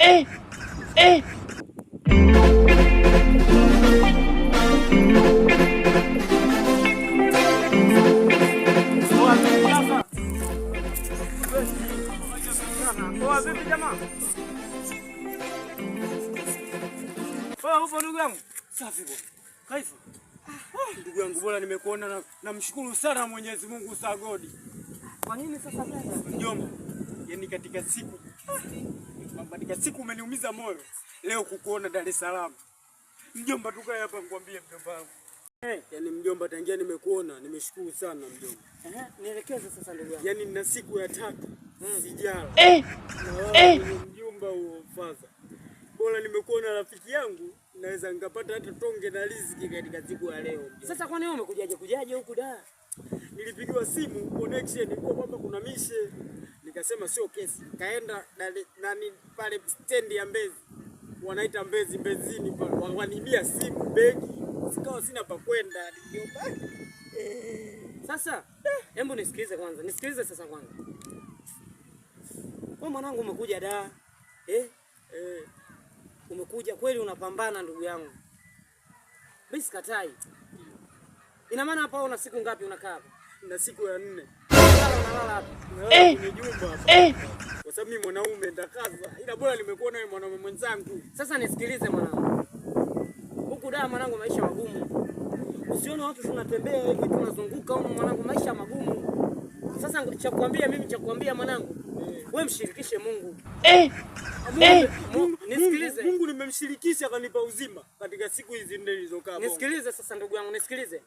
eh, eh. Ndugu yangu bora, nimekuona. Namshukuru sana Mwenyezi Mungu sagodi. Kwa nini sasa mjomba? Yaani katika siku Mabandika, siku umeniumiza moyo, leo kukuona Dar es Salaam. Mjomba, tukae hapa nikwambie mjomba wangu. Eh, hey, yani mjomba, tangia nimekuona nimeshukuru sana mjomba. Eh, nielekeze sasa ndugu yangu. Yaani nina siku ya tatu hmm, sijala. Eh. Hey. Eh. Mjomba huo faza. Bora nimekuona rafiki yangu naweza ngapata hata tonge na riziki katika siku ya leo. Mjomba. Sasa kwa nini umekujaje kujaje huku da? Nilipigiwa simu connection kwa kwamba kuna mishe nikasema sio kesi. Kaenda nani pale stendi ya Mbezi, wanaita Mbezi Mbezini wanibia simu begi, sikawa sina pa kwenda. Eh. Sasa hebu nisikilize kwanza, nisikilize sasa kwanza. kwa mwanangu umekuja da eh? Eh, umekuja kweli, unapambana ndugu yangu, mimi sikatai. Ina maana hapa una siku ngapi unakaa hapa? Na siku ya nne eh, eh. Kwa sababu mimi mwanaume nitakaza, ila bora nimekuona wewe mwanaume mwenzangu. Sasa nisikilize mwanangu, huku daa mwanangu, maisha magumu. Usione watu tunatembea hivi tunazunguka huko mwanangu, maisha magumu. Sasa cha kuambia mimi, cha kuambia mwanangu, wewe mshirikishe Mungu eh, eh. nisikilize. Mungu nimemshirikisha akanipa uzima katika siku hizi nilizokaa. Nisikilize sasa ndugu yangu, nisikilize.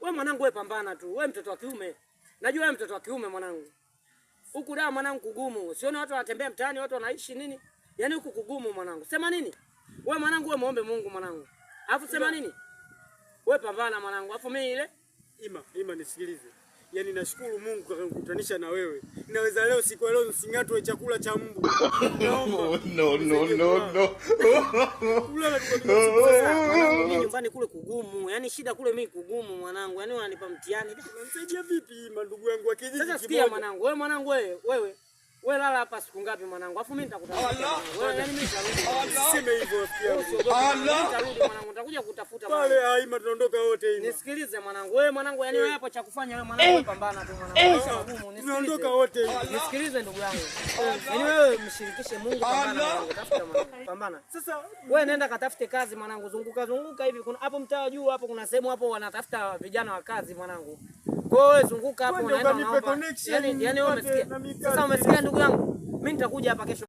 Wewe mwanangu, wewe pambana tu. Wewe mtoto wa kiume. Najua wewe mtoto wa kiume mwanangu. Huku da mwanangu kugumu. Sioni watu wanatembea mtaani, watu wanaishi nini? Yaani huku kugumu mwanangu. Sema nini? Wewe mwanangu wewe muombe Mungu mwanangu. Alafu sema nini? Wewe pambana mwanangu. Alafu mimi ile Ima, Ima nisikilize yani nashukuru Mungu kwa kukutanisha na wewe. Inaweza leo siku leo msingatwe chakula cha mbu. No no no no no. nyumbani kule kugumu. yani shida kule mimi kugumu mwanangu. yani wananipa mtihani. Unanisaidia vipi mandugu yangu wa kijiji? Sasa sikia mwanangu, wewe mwanangu wewe, wewe wewe lala hapa siku ngapi mwanangu? Alafu mimi nitakutafuta. Allah. Wewe yani mimi nitarudi. Allah. hivyo pia. Allah. Nitarudi mwanangu, nitakuja kutafuta mwanangu. Pale haima tunaondoka wote hivi. Nisikilize mwanangu. Wewe mwanangu yani wewe hapo cha kufanya wewe mwanangu wewe eh, pambana tu mwanangu. Tunaondoka eh. wote hivi. Nisikilize ndugu yangu. Yani wewe mshirikishe Mungu pambana. Tafuta mwanangu. Pambana. Sasa wewe nenda katafute kazi mwanangu, zunguka zunguka hivi. Kuna hapo mtaa juu hapo kuna sehemu hapo wanatafuta vijana wa kazi mwanangu. Kwa wewe zunguka hapo unaenda unaomba. Yaani, yaani wewe umesikia? Sasa umesikia ndugu yangu? Mimi nitakuja hapa kesho.